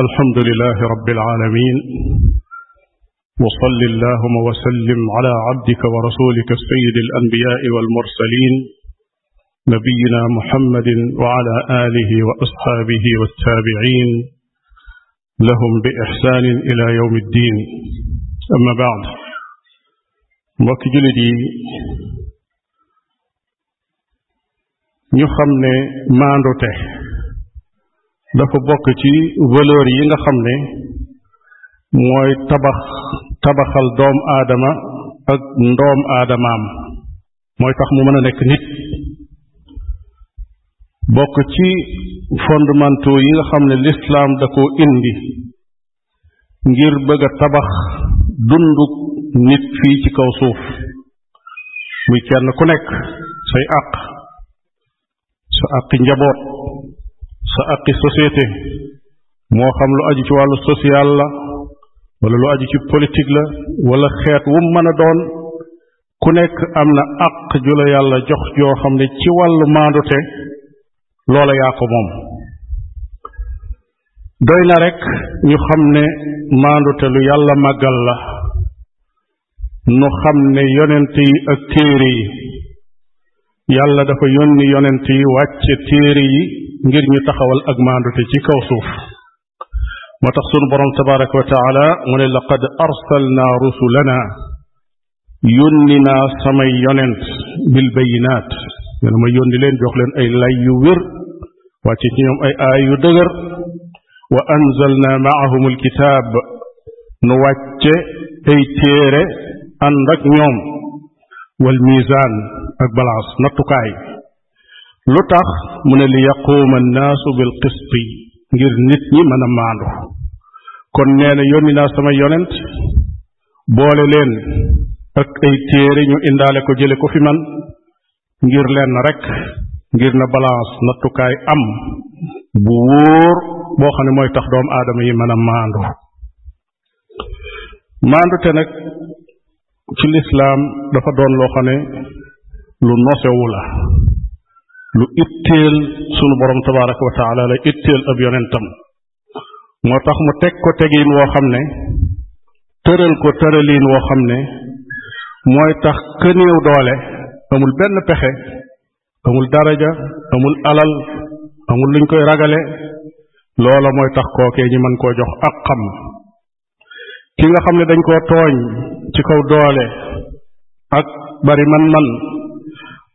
alhamdulilah rabbil aalamiin wa salli allaahumma wa sallim alaa abdika wa rasuulika sayyidil anbiyaa'i wal mursaliin nabiyyinaa muhammadin wa alaa aalihi wa asxaabihi wa taabiciin lahum bi ixsaanin ilaa yawmi ddiin ammaa ba'd mbokki jullit yi ñu xam ne maandute dafa bokk ci valeur yi nga xam ne mooy tabax tabaxal doom aadama ak ndoom aadamaam mooy tax mu mën a nekk nit bokk ci fondamentaux yi nga xam ne lislaam da koo indi ngir bëgg a tabax dundu nit fii ci kaw suuf muy kenn ku nekk say àq sa àqi njaboot sa aqi société moo xam lu aju ci wàllu social la wala lu aju ci politique la wala xeet wu mën a doon ku nekk am na aq ju la yàlla jox joo xam ne ci wàllu maandute loola yaa ko moom doy na rek ñu xam ne maandute lu yàlla màggal la nu xam ne yonent yi ak téere yi yàlla dafa yónni yonent yi wàcce téere yi ngir ñu taxawal ak maandute ci kaw suuf moo tax sunu boroom tabaraka wa taala mu ne laqad arsalna rusulana yónni naa samay yonent bil bayinaat nee ma yónni leen jox ay lay yu wér wàcce ñoom ay aay dëgër wa anzalna maahum alkitaab nu wàcce ay téere ànd ñoom wal misaan ak balance nattukaay lu tax mu ne li yaquuma annaasu bil qisti ngir nit ñi man a maandu kon nee na yónni sama yonent boole leen ak ay téere ñu indaale ko jële ko fi man ngir leen rek ngir na balance nattukaay am bu boo xam ne mooy tax doomu aadama yi mën a maandu maandu te ci lislaam dafa doon loo xam ne lu nosewu la lu itteel sunu borom tabaraka wa taala itteel ab yonentam moo tax mu teg ko tegiin woo xam ne tëral ko tëraliin woo xam ne mooy tax këneew doole amul benn pexe amul daraja amul alal amul luñ koy ragale loola mooy tax kookee ñi mën koo jox ak xam ki nga xam ne dañ koo tooñ ci kaw doole ak bari man-man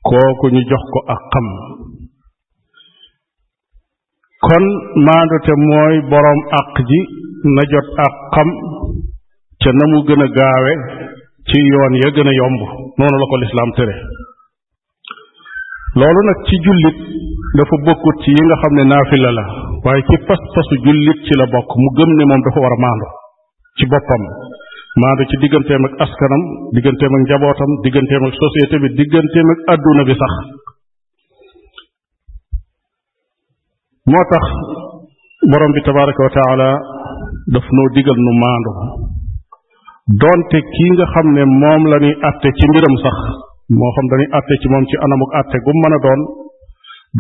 kooku ñu jox ko ak xam kon maandute mooy boroom àq ji na jot ak xam ca na mu gën a gaawe ci yoon ya gën a yomb noonu la ko lislaam tere loolu nag ci jullit dafa bokkut ci yi nga xam ne naafila la waaye ci pas-pasu jullit ci la bokk mu gëm ne moom dafa war a maandu ci boppam maandu ci digganteem ak askanam digganteem ak njabootam digganteem ak société bi digganteem ak adduna bi sax moo tax borom bi tabaraka wa taala daf noo digal nu maandu doonte kii nga xam ne moom la ñuy atte ci mbiram sax moo xam dañuy atte ci moom ci anamuk atte gu mën a doon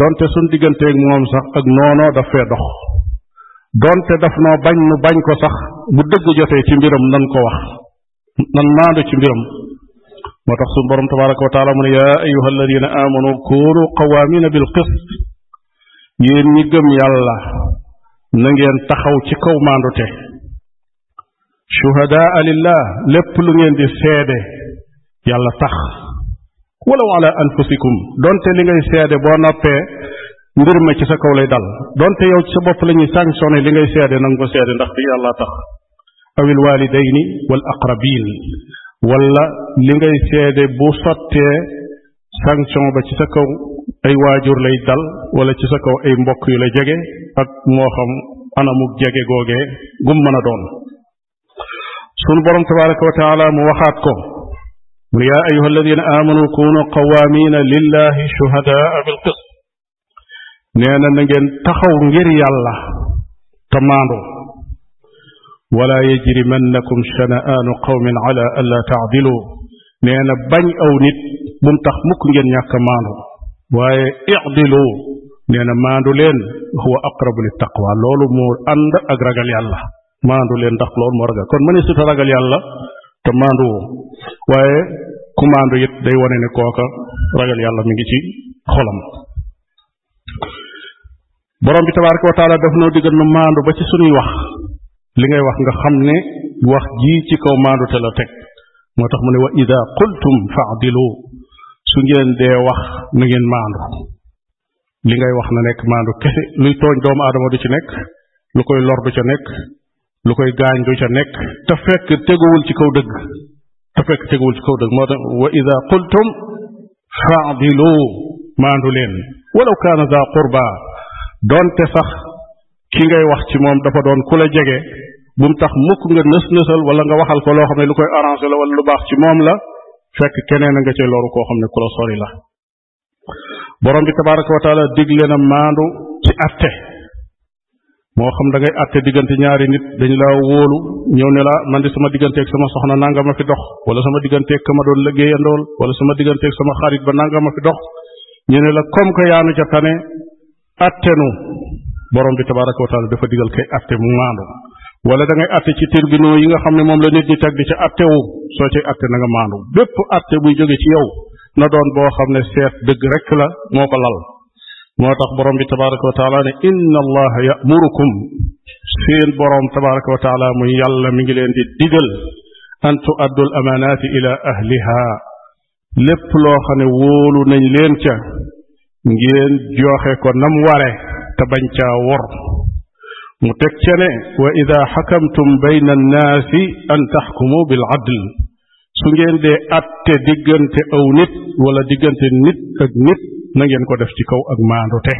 doonte suñ digganteeg moom sax ak noonoo daf fee dox doonte daf noo bañ nu bañ ko sax bu dëgg jotee ci mbiram nan ko wax nan maandu ci mbiram moo tax suñu borom tabaraka wa taala mu ne yaa amanu kunu qawaamina bil qist yéen ñi gëm yàlla na ngeen taxaw ci kaw maandute shuhadaa lillah lépp lu ngeen di seede yàlla tax walaw ala anfusikum doonte li ngay seede boo noppee mbir ma ci sa kaw lay dal donte yow ci sa bopp la ñuy sanctionné li ngay seede na nga ko seede ndax te yàlla tax awil walidayni wal aqrabin wala li ngay seede bu sottee sanction ba ci sa kaw ay waajur lay dal wala ci sa kaw ay mbokk yu la jege ak moo xam anamuk jege googee gum mën a doon sunu borom tabaraka wa taala mu waxaat ko mu ne yaa ayuha alladina amanu kunu qawaamina lillahi shuhadaa bil qist nee na taxaw ngir yàlla te maandu wala yajrimannakum shana'aanu qawmin ala alla taadilu bañ aw nit bu tax mukk ngeen ñàkk maandu waaye idilu nee na leen huwa aqrabu li taqwa loolu moo ànd ak ragal yàlla maandu leen ndax loolu moo ragal kon mëne suta ragal yàlla te maandu waaye ku maandu it day wane ne kooka ragal yàlla mu ngi ci xolam borom bi tabaraka wa taala daf noo digal nu maandu ba ci sunuy wax li ngay wax nga xam ne wax jii ci kaw maandu te la teg moo tax mu ne wa ida qultum faadilu su ngeen wax na ngeen maandu li ngay wax na nekk maandu kese luy tooñ doomu aadama du ci nekk lu koy lor du ca nekk lu koy gaañ du ca nekk te fekk teguwul ci kaw dëgg te fekk teguwul moo tax wa ida qultum faadilu kaana daa qurba doonte sax ki ngay wax ci moom dafa doon ku la jege bu mu tax mukk nga nës nësal wala nga waxal ko loo xam ne lu koy arrangé la wala lu baax ci moom la fekk keneen a nga cay loru koo xam ne ku la sori la borom bi tabaraka wa taala digle na maandu ci atte moo xam dangay ngay diggante ñaari nit dañu laa wóolu ñëw ne la man di sama digganteeg sama soxna nanga ma fi dox wala sama digganteeg ka ma doon liggéeyandool wala sama digganteek sama xarit ba nanga ma fi dox attenu borom bi tabaraka wa taala dafa digal kay atte mu maandu wala da ngay atte ci tribunaux yi nga xam ne moom la nit di teg di ca attewu soo ci atte na nga maandu bépp atte buy jóge ci yow na doon boo xam ne seet dëgg rek la moo ko lal moo tax borom bi tabaraka wa taala ne inna allaha yamurukum seen borom tabaraka wa taala muy yàlla mi ngi leen di digal an tu'addu al amanati ila ahliha lépp loo xam ne wóolu nañ leen ca ngeen joxe ko nam ware te bañ caa wor mu teg ca ne wa ida xakamtum bayna annaasi an taxkumu bil adl su ngeen dee atte diggante aw nit wala diggante nit ak nit na ngeen ko def ci kaw ak maandute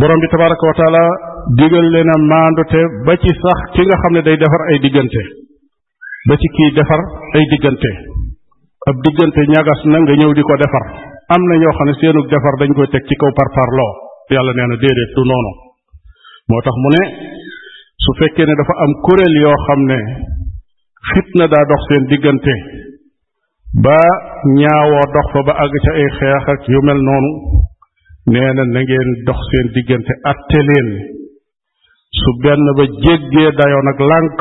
borom bi tabaraka wa taala digal ba ci nga xam ne day defar ay diggante ba ci kiy defar ay diggante ab diggante ñagas na nga ñëw di ko defar am na ñoo xam ne seenu defar dañ koy teg ci kaw par parloo yàlla nee na déedéet du noonu moo tax mu ne su fekkee ne dafa am kuréel yoo xam ne na daa dox seen diggante ba ñaawoo dox fa ba àgg ca ay xeex ak yu mel noonu nee na na ngeen dox seen diggante atte leen su benn ba jéggee dayoo nag lànk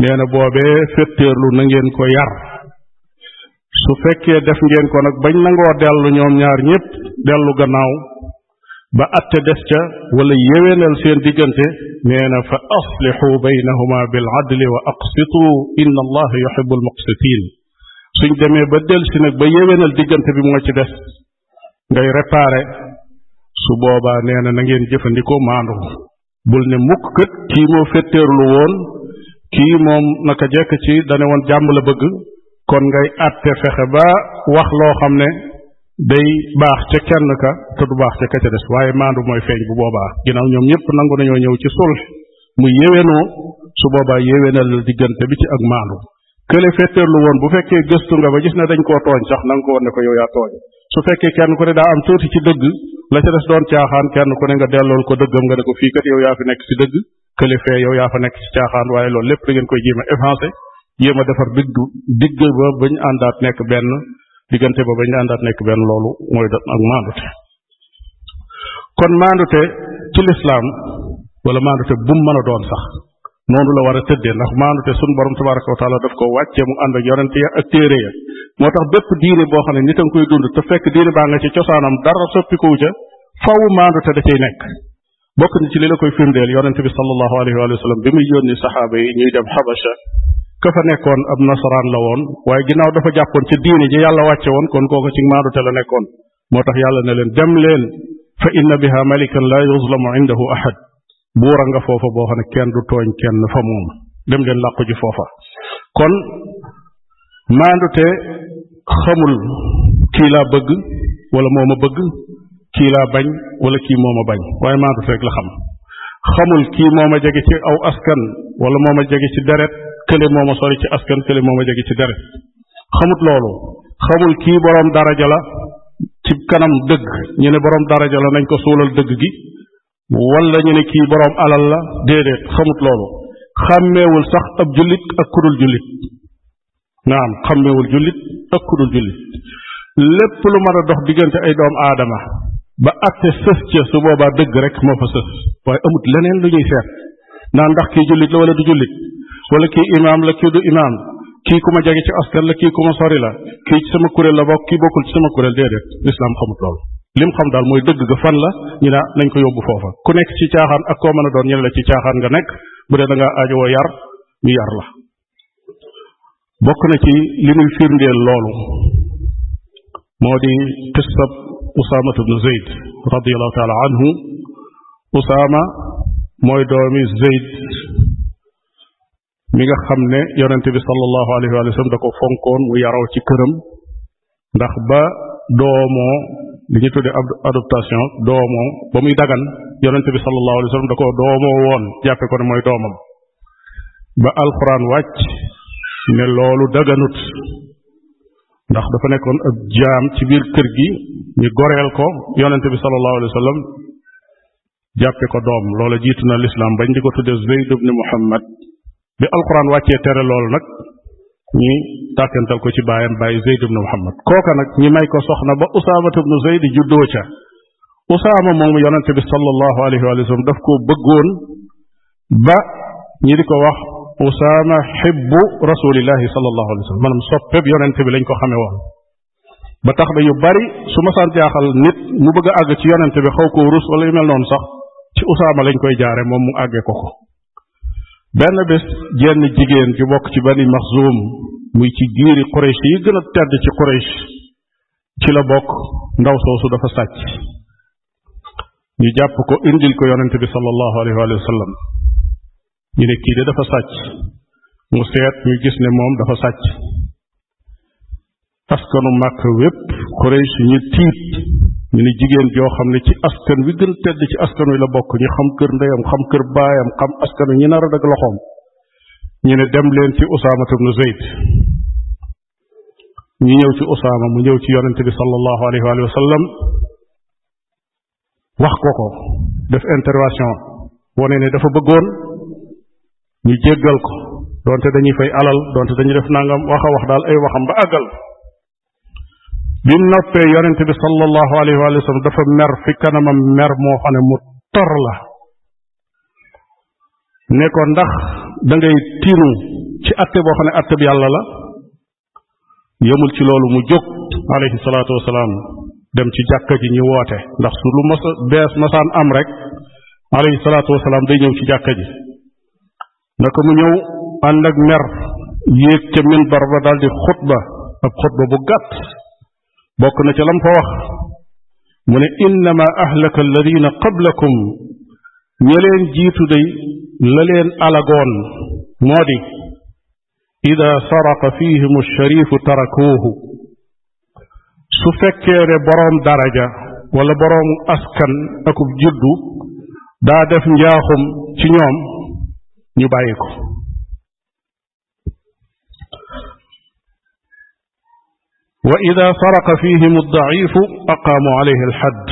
nee na boobee féttéerlu na ngeen ko yar su fekkee def ngeen ko nag bañ nangoo dellu ñoom ñaar ñépp dellu gannaaw ba atte des ca wala yéwénal seen diggante nee na fa aslixu baynahuma bil adli wa aqsitu inna allaha yuhibbul muqsitin suñ demee ba delsi nag ba yéwénal diggante bi moo ci des ngay réparer su boobaa nee na na ngeen jëfandikoo maandu bul ne mukk kët kii moo fetteerlu woon kii moom naka jekk ci dane woon jàmm la bëgg kon ngay àtte fexe ba wax loo xam ne day baax ca kenn ka te du baax ca ka ca des waaye maandu mooy feeñ bu boobaa ginnaaw ñoom ñëpp nangu nañoo ñëw ci sulh mu yéwénoo su boobaa yéwénal diggante bi ci ak maandu kële fetteerlu woon bu fekkee gëstu nga ba gis ne dañ koo tooñ sax na ko woon ne ko yow yaa tooñ su fekkee kenn ku ne daa am tuuti ci dëgg la ca des doon caaxaan kenn ku ne nga dellool ko dëggam nga ne ko fii kat yow yaa fi nekk ci dëgg yaa fa nekk ci waaye loolu lépp da ngeen koy a avancé jéem a defar digg digg ba bañ àndaat nekk benn diggante ba bañ àndaat nekk benn loolu mooy doon ak maandute kon maandute ci lislaam wala maandute bu mu mën a doon sax noonu la war a tëddee ndax maandute suñu borom tabaraka wa taala daf ko wàcce mu ànd ak yonente ya ak téere ya moo tax bépp diine boo xam ne nit a koy dund te fekk diine baa nga ci cosaanam dara soppikuwu ca faw maandute da cay nekk bokk na ci li la koy firndeel yonente bi sallallahu alayhi wa sallam bi muy yónni saxaaba yi ka fa nekkoon ab nasaraan la woon waaye ginnaaw dafa jàppoon ci diine ji yàlla wàcce woon kon kooko ci maadu te la nekkoon moo tax yàlla ne leen dem leen fa inna biha malikan la yuzlamu indahu ahad buura foofa boo xam ne du tooñ kenn fa moom dem leen làqu ji foofa kon maandute xamul kii laa bëgg wala moo ma bëgg kii laa bañ wala kii moo ma bañ waaye maandute rek la xam xamul kii moo ma jege ci aw askan wala moo ma jege ci deret kële moo ma sori ci askan kële moo a jege ci deret xamut loolu xamul kii boroom daraja la ci kanam dëgg ñu ne boroom daraja la nañ ko suulal dëgg gi wala ñu ne kii boroom alal la déedéet xamut loolu xàmmeewul sax ab jullit ak kudul jullit naam xàmmeewul jullit ak kudul jullit lépp lu mën a dox diggante ay doom aadama ba atte sës ca su boobaa dëgg rek moo fa sës waaye amut leneen lu ñuy seet naa ndax kii jullit la wala du jullit wala kii imaam la kii du imaam kii ku ma jege ci askan la kii ku ma sori la kii ci sama kuréel la bokk kii bokkul ci sama kuréel déedéet lislaam xamut loolu lim xam daal mooy dëgg ga fan la ñu naa ah, nañ ko yóbbu foofa ku nekk ci caaxaan ak koo mën a doon ñene la ci caaxaan nga nekk bu dee da ngaa aajowoo yar ñu yar la bokk na ci li muy firndeel loolu usaamatu bnu zeyd radiallahu taala anhu usaama mooy doomi zeyd mi nga xam ne yonente bi sallallahu alayhi wa sallam da ko fonkoon mu yaroo ci këram ndax ba doomoo li ñu tuddee adoptation doomoo ba muy dagan yonente bi sallallahu alayhi wa sallam da ko doomoo woon jàppe ko ne mooy doomam ba alxuraan wàcc ne loolu daganut ndax dafa nekkoon ab jaam ci biir kër gi ñu goreel ko yonente bi sallallahu alayhi wa sallam jàppe ko doom loola jiitu na lislaam bañ di ko tudde Zayd ibn Muhammad bi alquran wàccee tere loolu nag ñi tàkkantal ko ci baayam bàyyi Zayd ibn Muhammad kooka nag ñi may ko soxna ba Usaama ibn Zayd juddoo ca Usaama moomu yonente bi sallallahu alayhi wa sallam daf ko bëggoon ba ñi di ko wax Usaama xibbu rasulillahi sallallahu alayhi wa sallam maanaam soppeeb yonente bi lañ ko xamee woon ba tax na yu bari su ma jaaxal nit mu bëgg a àgg ci yonente bi xaw koo rus wala yu mel noonu sax ci Usaama lañ koy jaare moom mu àggee ko ko benn bés jenn jigéen ju bokk ci bani maxzuum muy ci giiri Quraysh yi gën a tedd ci Quraysh ci la bokk ndaw soosu dafa sàcc ñu jàpp ko indil ko yonente bi sallallahu alayhi wa ñu ne kii de dafa sàcc mu seet ñu gis ne moom dafa sàcc askanu màkk wépp Quraysh ñu tiit ñu ne jigéen joo xam ne ci askan wi gën tedd ci askan wi la bokk ñu xam kër ndeyam xam kër baayam xam askan wi ñu nar a dag loxoom ñu ne dem leen ci Usaama ibnu Zayd ñu ñëw ci Usaama mu ñëw ci yonente bi sallallahu alayhi wa wax ko ko def intervention wone ne dafa bëggoon ñu jéggal ko donte dañuy fay alal donte dañuy def nangam wax a wax daal ay waxam ba àggal bi mu noppee yonent bi sallallahu alayhi wa sallam dafa mer fi kanamam mer moo xam ne mu tor la ne ko ndax da ngay tiinu ci atte boo xam ne atte bi yàlla la yëmul ci loolu mu jóg alayhi salaatu wasalaam dem ci jàkka ji ñu woote ndax su lu masa bees masaan am rek alayhi salaatu wasalaam day ñëw ci jàkka ji naka mu ñëw ànd ak mer yéeg ca minbar ba daldi xutba ab xutba bu gàtt bokk na ca lam mu ne innama ahlaka alladina qablakum ña leen jiitu day la leen alagoon moo di ida saraqa fihim alsharifu tarakuuhu su fekkee ne boroom daraja wala boroom askan akub juddu daa def njaaxum ci ñoom ñu bàyyi ko wa ida faraqa fihim aldaifu aqaamu alayhi alxadd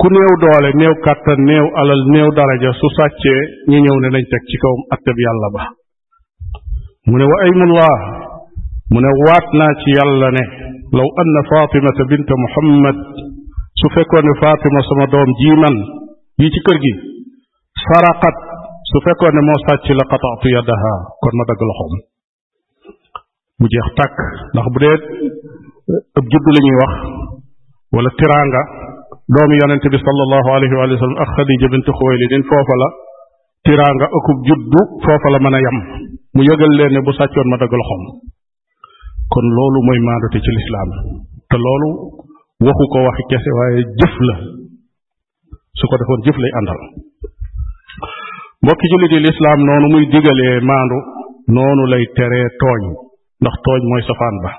ku néew doole néew kàttan néew alal néew daraja su sàccee ñu ñëw ne nañ teg ci kawam atteb yàlla ba mu ne wa aymullah mu ne waat naa ci yàlla ne law anna fatimata bint muhammad su fekkoon ne fatima sama doom ji man yi ci saraqat su fekkoon ne moo sàcc la xataatu yaddaha kon ma dagg loxoom mu jeex tàkk ndax bu dee ab judd la ñuy wax wala tiraanga doomu yonente bi sallallahu alayhi wa sallam ak xadija bint xuwaylidin foofa la tiraanga akub juddu foofa la mën a yem mu yëgal leen bu sàccoon ma dagg loxoom kon loolu mooy maandute ci lislaam te loolu waxu ko waxi kese waaye jëf la su ko defoon jëf lay àndal mbokki jullit yi lislaam noonu muy digalee maandu noonu lay tere tooñ ndax tooñ mooy safaan ba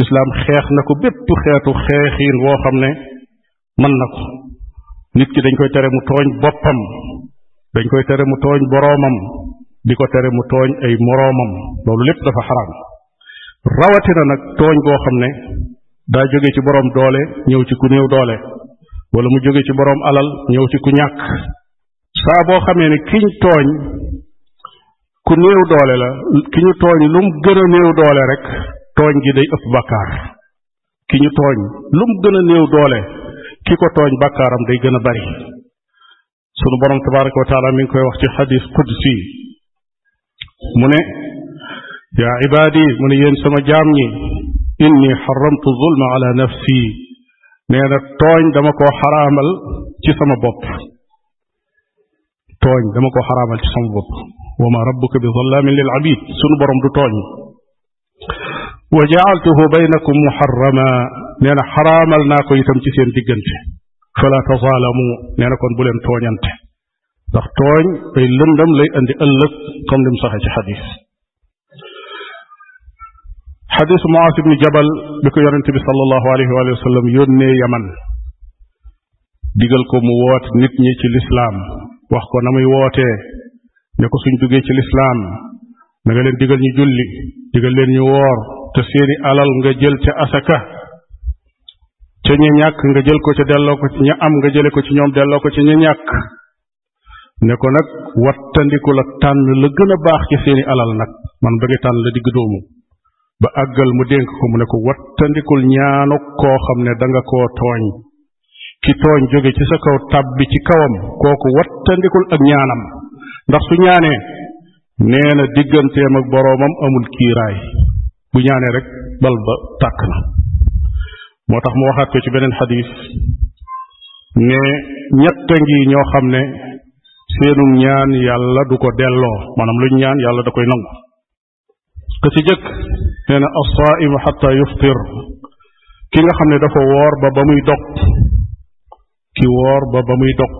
lislaam xeex na ko bépp xeetu xeexiin woo xam ne man na ko nit ki dañ koy tere mu tooñ boppam koy tere mu tooñ boroomam di ko tere mu tooñ ay moroomam loolu lépp dafa xaraam rawatina nag tooñ goo xam ne daa jóge ci boroom doole ñëw ci ku néew doole walla mu jóge ci boroom alal ñëw ci ku ñàkk saa boo xamee ne kiñ tooñ ku néew doole la ki ñu tooñ lu mu gën a néew doole rek tooñ gi day ëpp bàkkaar ki ñu tooñ lu mu gën a néew doole ki ko tooñ bàkkaaram day gën a bari sunu borom tabaraka wa taala mi ngi koy wax ci xadis qudsi mu ne yaa ibaadi mu ne yéen sama jaam ñi inni xaramtu zulma ala nafsi nee tooñ dama koo xaraamal ci sama bopp tooñ dama ko xaraamal ci sama bopp ma rabbuka bi zallaamin lil abid sunu borom du tooñ wa jaaltuhu baynakum muharrama nee na xaraamal naa ko itam ci seen diggante fala tazaalamu kon bu leen tooñante ndax tooñ ay lëndam lay andi ëllëg comme lim saxe ci xadis xadisu Muaas ibni Jabal bi ko yonente bi sallallahu alayhi wa sallam yónnee Yaman digal ko mu woot nit ñi ci wax ko na muy wootee ne ko suñ duggee ci lislaam na nga leen digal ñu julli digal leen ñu woor te seeni alal nga jël ca asaka ca ña ñàkk nga jël ko ca delloo ko ña am nga jële ko ci ñoom delloo ko ci ña ñàkk ne ko nag wattandiku la tànn la gën a baax ci seeni alal nag man ba nga tànn la digg doomu ba àggal mu dénk ko mu ne ko wattandikul ñaanu koo xam ne danga koo tooñ ki tooñ jóge ci sa kaw tàbbi ci kawam kooku wattandikul ak ñaanam ndax su ñaanee nee na digganteem ak boroomam amul kiiraay bu ñaanee rek bal ba tàkk na moo tax mu waxaat ko ci beneen xadis ne ñett ngi ñoo xam ne seenum ñaan yàlla du ko delloo maanaam luñ ñaan yàlla da koy nangu ka ci jëkk nee na as yuftir ki nga xam ne dafa woor ba ba muy dog ki woor ba ba muy dog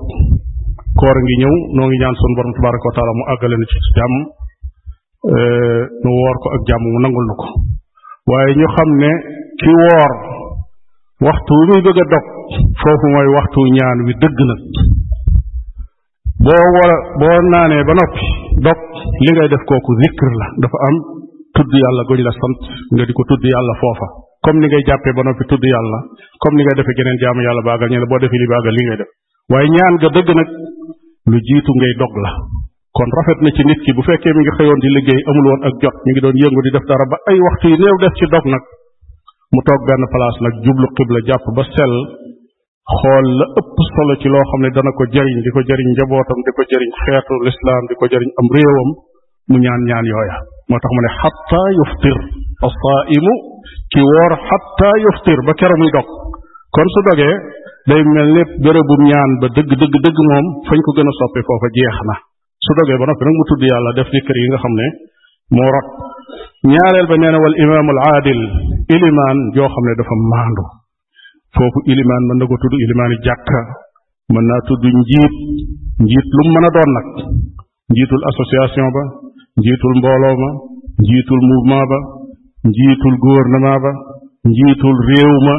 koor ngi ñëw noo ngi ñaan sunu borom tabaraka wa taala mu àggale na ci jàmm eh, nu woor ko ak jàmm mu nangul na ko waaye ñu xam ne ki woor waxtu wi muy bëgg a dog foofu mooy waxtu ñaan wi dëgg nag boo wara boo naanee ba noppi dog li ngay def kooku zikr la dafa am tudd yàlla goñ la sant nga di ko tudd yàlla foofa comme ni ngay jàppee ba noppi tudd yàlla comme ni ngay defee geneen jaamu yàlla baagal ñu la boo defee li baagal li ngay def waaye ñaan ga dëgg nag lu jiitu ngay dog la kon rafet na ci nit ki bu fekkee mi ngi xëyoon di liggéey amul woon ak jot mi ngi doon yëngu di def dara ba ay waxtu yi néew des ci dog nag mu toog benn place nag jublu xibla jàpp ba sell xool la ëpp solo ci loo xam ne dana ko jariñ di ko jariñ njabootam di ko jariñ xeetu lislaam ko jariñ am réewam mu ñaan ñaan yooya moo tax mu ne ci woor xatta yuftir ba keroog muy dog kon su dogee day mel ne bërëbu ñaan ba dëgg dëgg dëgg moom fañ ko gën a soppe foofa jeex na su dogee ba noppi nag mu tudd yàlla def dikkër yi nga xam ne moo rot ñaareel ba nee na wal imaamul aadil ilimaan joo xam ne dafa maandu foofu ilimaan mën na ko tudd ilimaani jàkka mën naa tudd njiit njiit lu mën a doon nag njiitul association ba njiitul mbooloo ma njiitul mouvement ba njiitul gouvernement ba njiitul réew ma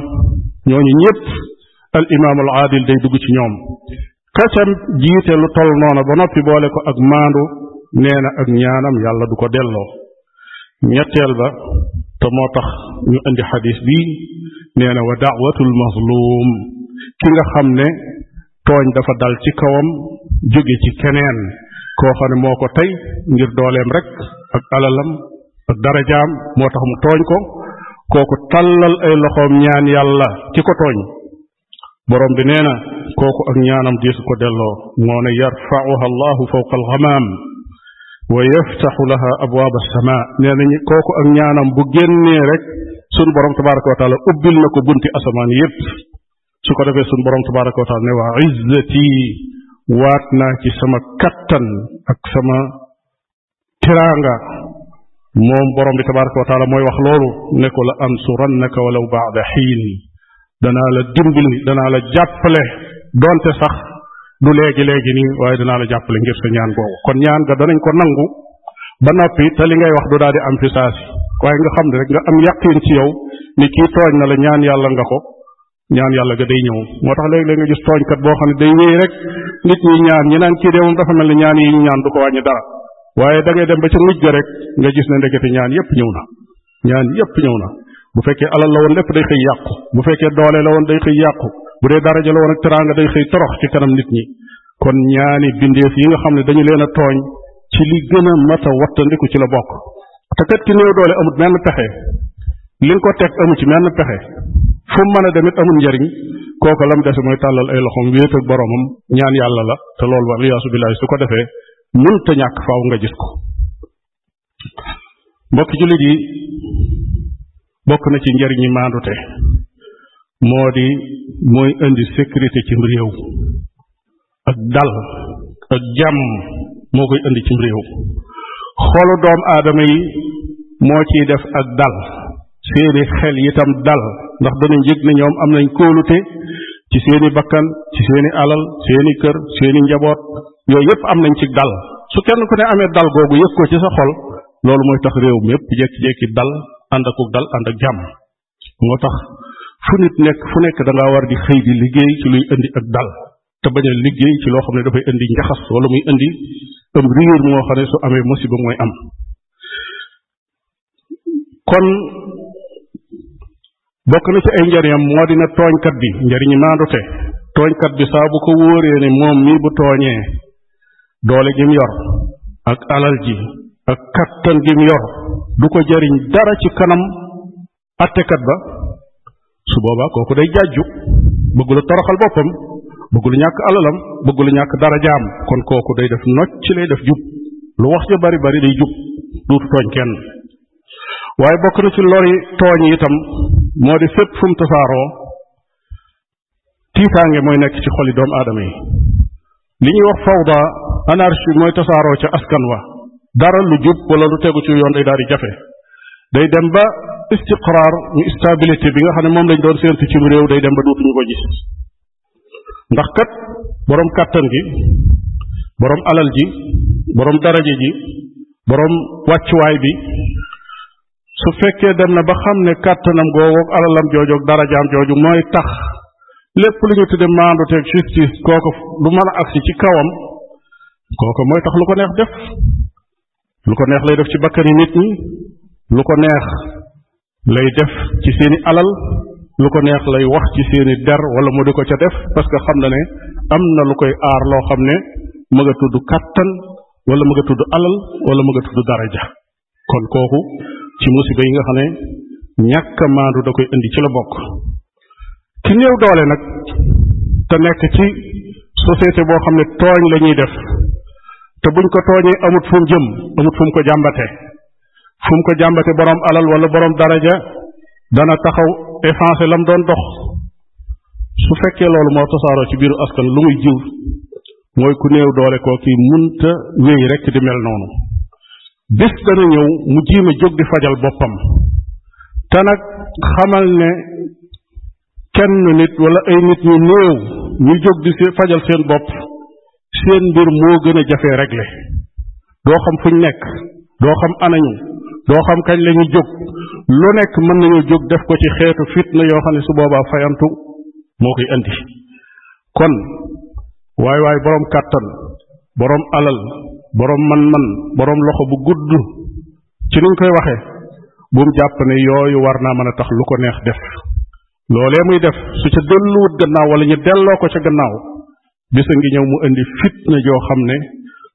ñooñu ñëpp al imaam al aadil day dugg ci ñoom kasam jiite toll noona ba noppi boole ko ak maandu nee ak ñaanam yàlla du ko delloo ñetteel ba te moo tax ñu indi xadis bi nee na wa daawatul mazlum ki nga xam ne tooñ dafa dal ci kawam jóge ci keneen koo xam ne moo ko tey ngir dooleem rek ak alalam ak darajaam moo tax mu tooñ ko kooku tàllal ay loxoom ñaan yàlla ci ko tooñ borom bi nee na kooku ak ñaanam diisu ko delloo moo ne yarfauha allahu fawqa alxamaam wa yaftaxu laha abwaab alsama nee na kooku ak ñaanam bu génnee rek sunu borom tabaraka wa taala ubbil na ko bunti asamaan yépp su ko defee sunu borom tabaraka wa taala ne waa izzati waat naa ci sama kattan ak sama tiraanga moom borom bi tabaraka wa taala mooy wax loolu ne ko la ansurannaka walaw baada xiin danaa la dimbali danaa la jàppale doonte sax du léegi léegi nii waaye danaa la jàppale ngir sa ñaan googu kon ñaan ga danañ ko nangu ba noppi te li ngay wax du daal di am fi saasi waaye nga xam ne rek nga am yàqin ci yow ni kii tooñ na la ñaan yàlla nga ko ñaan yàlla ga day ñëw moo tax léegi-léeg nga gis tooñkat boo xam ne day wéy rek nit ñi ñaan ñi naan ko dara waaye da ngay dem ba ca mujj ga rek nga gis ne ndekete ñaan yépp ñëw na ñaan yépp ñëw na bu fekkee alal la woon lépp day xëy yàqu bu fekkee doolee la woon day xëy yàqu bu dee daraja la woon ak teraanga day xëy torox ci kanam nit ñi kon ñaani bindeef yi nga xam ne dañu leen a tooñ ci li gën a mat a wattandiku ci la bokk te kat ki néew doole amut menn pexe li nga ko teg amu ci menn pexe fu mu mën a demit amul njariñ kooku lam dese mooy tàllal ay loxoom wéet ak boromam ñaan yàlla la te loolu ba aliyaasu billahi su ko defee mënta ñàkk faaw nga gis ko mbokki jullit yi bokk na ci njariñi maandute moo di mooy indi sécurité cim réew ak dal ak jàmm moo koy indi cim réew xolu doom aadama yi moo ciy def ak dal seeni xel itam dal ndax danañ yëg ne ñoom am nañ kóolute ci seeni bakkan ci seeni alal seeni kër seeni njaboot yooyu yëpp am nañ ci dal su kenn ku ne amee dal googu yëg ko ci sa xol loolu mooy tax réew mépp jékki-jékki dal ànd akuk dal ànd ak jàmm moo tax fu nit nekk fu nekk da ngaa war di xëy di liggéey ci luy indi ak dal te bañ a liggéey ci loo xam ne dafay indi njaxas wala muy indi am réer moo xam ne su amee musiba mooy am kon bokk na ci ay njariñam moo dina tooñkat bi njariñi maandute tooñkat bi saa bu ko wóoree ne moom mii bu tooñee doole gi mu yor ak alal ji ak kattan gi mu yor du ko jariñ dara ci kanam attekat ba su boobaa kooku day jàjju bëggul toroxal boppam bëggul ñàkk alalam bëggul ñàkk dara jaam kon kooku day def nocc lay def jub lu wax ja bari bari day jub duutu tooñ kenn waaye bokk na ci lori tooñ itam moo di fépp fu tasaaroo tiitaange mooy nekk ci xoli doomu aadama yi li ñuy wax fawda anarchie mooy tasaaroo ca askan wa dara lu jub wala lu tegu ci yoon day daal di jafe day dem ba istiqraar mu stabilité bi nga xam ne moom lañ doon séentu ci réew day dem ba dootuñu ko gis ndax kat boroom kàttan gi boroom alal ji boroom daraje ji boroom wàccuwaay bi su fekkee dem na ba xam ne kàttanam googoog alalam joojoog darajaam jooju mooy tax lépp lu ñu tudde maandu teeg justice kooku du mën a agsi ci kawam kooku mooy tax lu ko neex def lu ko neex lay def ci bakkani nit ñi lu ko neex lay def ci seeni alal lu ko neex lay wax ci seeni der wala mu di ko ca def parce que xam na ne am na lu koy aar loo xam ne mu nga tudd kàttan wala mu nga tudd alal wala mu nga tudd daraja kon kooku ci musiba yi nga xam ne ñàkk maandu da koy indi ci la bokk ki néew doole nag te nekk ci société boo xam ne tooñ la ñuy def te buñ ko tooñee amut fu jëm amut fu ko jàmbate fu ko jàmbate boroom alal wala boroom daraja dana taxaw effacé lam doon dox su fekkee loolu moo tasaaroo ci biiru askan lu muy jiw mooy ku néew doole koo kii munta wéy rekk di mel noonu bis dana ñëw mu jiima jóg di fajal boppam te nag xamal ne kenn nit wala ay nit ñu néew ñu jóg di fajal seen bopp seen mbir moo gën a jafee régler doo xam fuñ nekk doo xam anañu doo xam kañ lañu jóg lu nekk mën nañoo jóg def ko ci xeetu fitna yoo xam ne su boobaa fayantu moo koy andi kon waay waay boroom kàttan boroom alal boroom man-man boroom loxo bu gudd ci niñ koy waxe buum jàpp ne yooyu war naa mën a tax lu ko neex def loolee muy def su ca delluwut gannaaw wala ñu delloo ko ca gannaaw bisa ngi ñëw mu indi fitna joo xam ne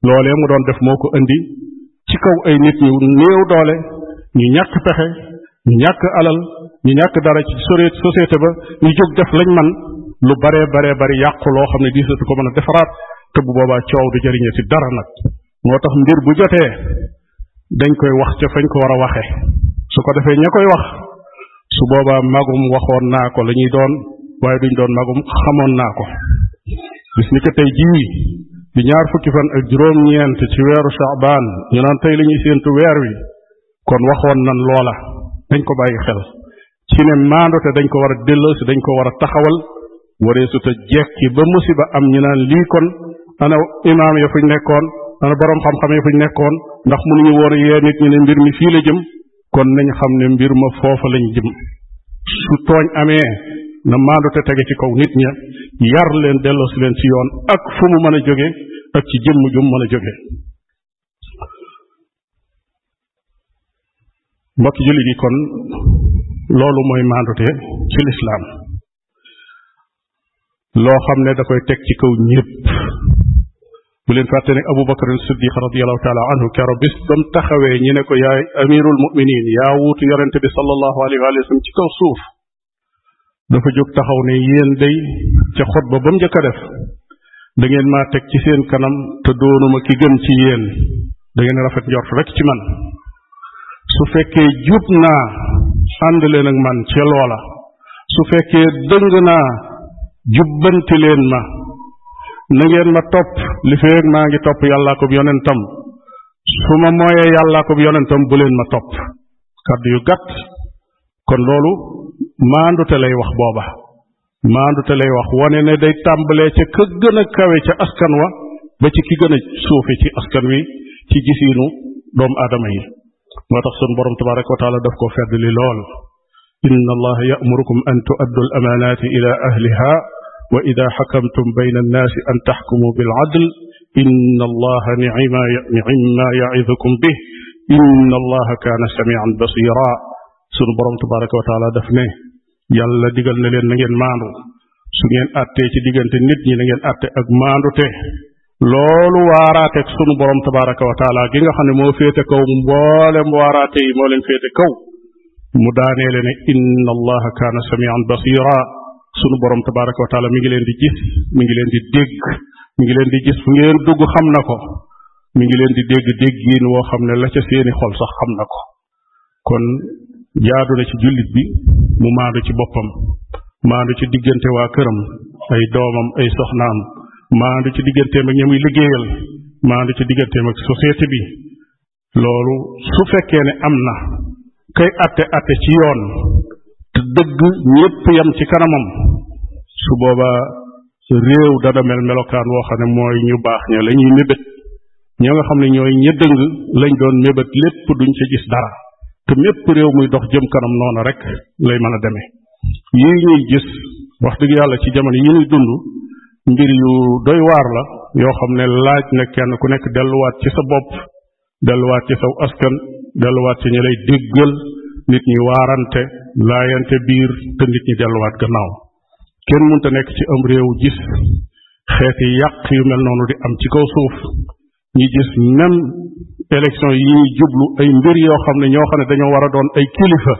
loolee mu doon def moo ko indi ci kaw ay nit ñu néew doole ñu ñàkk pexe ñu ñàkk alal ñu ñàkk dara ci société ba ñu jóg def lañ man lu bare bare bari yàqu loo xam ne diisatu ko mën a defaraat te bu boobaa coow du jëriñe ci dara nag moo tax mbir bu jotee dañ koy wax ca fañ ko war a waxe su ko defee ña koy wax su boobaa magum waxoon naa ko la ñuy doon waaye duñ doon magum xamoon naa ko bis ni ko tey jii bi ñaar fukki fan ak juróom-ñeent ci weeru Shaaban ñu naan tey la ñuy séentu weer wi kon waxoon nan loola dañ ko bàyyi xel ci ne maandote dañ ko war a delloosi dañ ko war a taxawal waree su te jekki ba musiba am ñu naan lii kon ana imaam ya fuñ nekkoon ana boroom xam-xam ya fuñ nekkoon ndax mënuñu woon a yee nit ñi ne mbir mi fii la jëm kon nañ xam ne mbir ma foofa lañ jëm su tooñ amee na maandu tege ci kaw nit ña yar leen delloosi leen ci yoon ak fu mu mën a jóge ak ci jëmm jum mën a jóge mbokki julli gi kon loolu mooy maandute ci lislaam loo xam ne da koy teg ci kaw ñépp bu leen fàtte ne Abu Bakar as-Siddiq radiyallahu taala anhu kero bis bam taxawee ñi ne ko yaay amirul muminin yaa wuutu yonente bi sallallahu alayhi wa sallam ci kaw suuf dafa jóg taxaw ne yéen day ca xutba ba mu njëkk a def da ngeen teg ci seen kanam te doonuma ki gën ci yéen da ngeen rafet njort rek ci man su fekkee jub naa ànd leen ak man ca loola su fekkee dëng naa jubbanti ma na ma topp li maa ngi topp yàllaa ko yonentam su ma mooyee yàllaa ko yonentam bu ma topp kàddu yu gàtt kon loolu maandute lay wax booba maandute lay wax wone ne day tàmbalee ca ka gën kawe ca askan wa ba ci ki gën a suufe ci askan wi ci gisiinu doomu aadama yi moo tax sun borom tabaraka wa taala daf ko fedd li lool inna allaha an tu'addu al amanati ila ahliha wa ida xakamtum bayna annaasi an taxkumu bil adl inna allaha niima niima yaidukum bih inna allaha kaana samian basira sunu borom tabaraka wa taala daf ne digal na leen na ngeen maandu su ngeen àttee ci diggante nit ñi na ngeen àtte ak maandute loolu waaraateeg sunu borom tabaraka wa taala gi nga moo féete kaw mboolem waaraate yi moo leen féete kaw mu daaneele ne inna allaha basira sunu borom tabaraka wa taala mu ngi leen di gis mu ngi leen di dégg mi ngi leen di gis fu ngeen dugg xam na ko mu ngi leen di dégg déggiin woo xam ne la ca seeni xol sax xam na ko kon jaadu na ci jullit bi mu maandu ci boppam maandu ci diggante waa këram ay doomam ay soxnaam maandu ci digganteem ak ña muy liggéeyal maandu ci digganteem ak société bi loolu su fekkee ne am na kay atte atte ci yoon dëgg ñépp yam ci kanamam su boobaa réew dana mel melokaan woo xam ne mooy ñu baax ña la ñuy mébét ñoo nga xam ne ñooy ña lañ doon mébét lépp duñ ca gis dara te mépp réew muy dox jëm kanam noonu rek lay mën a demee yi ñuy gis wax dëgg yàlla ci jamono yi ñuy dund mbir yu doy waar la yoo xam ne laaj na kenn ku nekk delluwaat ci sa bopp delluwaat ci saw askan delluwaat ci ñi lay déggal nit ñi waarante laayante biir te nit ñi delluwaat gannaaw kenn mënta nekk ci am réew gis xeeti yàq yu mel noonu di am ci kaw suuf ñi gis même élection yi jublu ay mbir yoo xam ne ñoo xam ne dañoo war a doon ay kilifa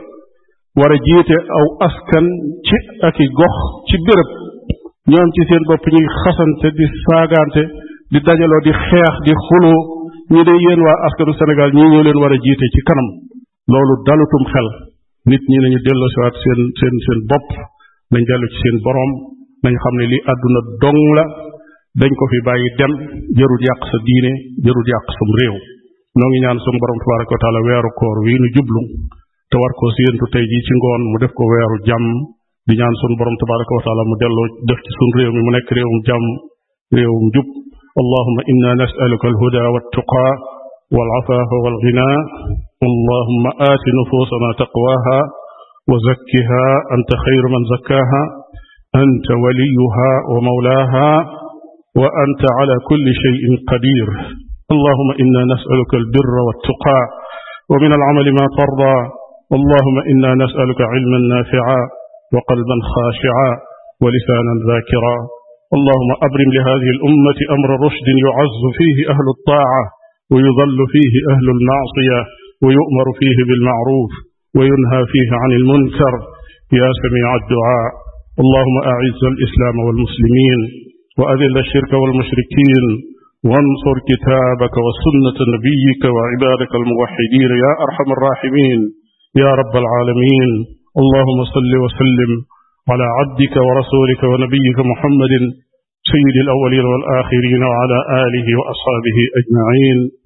war a jiite aw askan ci ak i gox ci béréb ñoom ci seen bopp ñuy xasante di saagaante di dajaloo di xeex di xuloo ñi de yéen waa askanu senegal ñii ñoo leen war jiite ci kanam loolu dalutum xel nit ñi nañu delloosiwaat seen seen seen bopp nañ dellu ci seen boroom nañ xam ne lii àdduna dong la dañ ko fi bàyyi dem jërul yàq sa diine jërul yàq sam réew noo ngi ñaan sunu borom tabaraka wa taala weeru koor wi nu jublu te war ko séentu tey jii ci ngoon mu def ko weeru jàmm di ñaan sunu borom tabaraka wa taala mu delloo def ci sunu réew mi mu nekk réewum jàmm réewum jub allahuma inna nasaluka alhuda wa tuqaa والعفاف والغنى اللهم آت نفوسنا تقواها وزكها أنت خير من زكاها أنت وليها ومولاها وأنت على كل شيء قدير اللهم إنا نسألك البر والتقى ومن العمل ما ترضى اللهم إنا نسألك علما نافعا وقلبا خاشعا ولسانا ذاكرا اللهم أبرم لهذه الأمة أمر رشد يعز فيه أهل الطاعة wa yudallu fiihi ahlu almaasiya wa yu'maru fiihi bilma'ruuf wa yunhaa fiihi an almunkar yaa samii'a addu'aa allahumma a'izz al-islaam wal-muslimiin wa adill ash-shirka wal-mushrikiin wansur kitaabaka wa sunnata nabiyyika wa ibaadaka al-muwahhidiin yaa arhama ar-raahimiin yaa rabbal aalamiin allahumma salli wa sallim ala abdika wa rasuulika wa nabiyyika muhammadin sayyidil awwaliina wal aaxiriina wa ala aalihi wa ashaabihi ajma'iin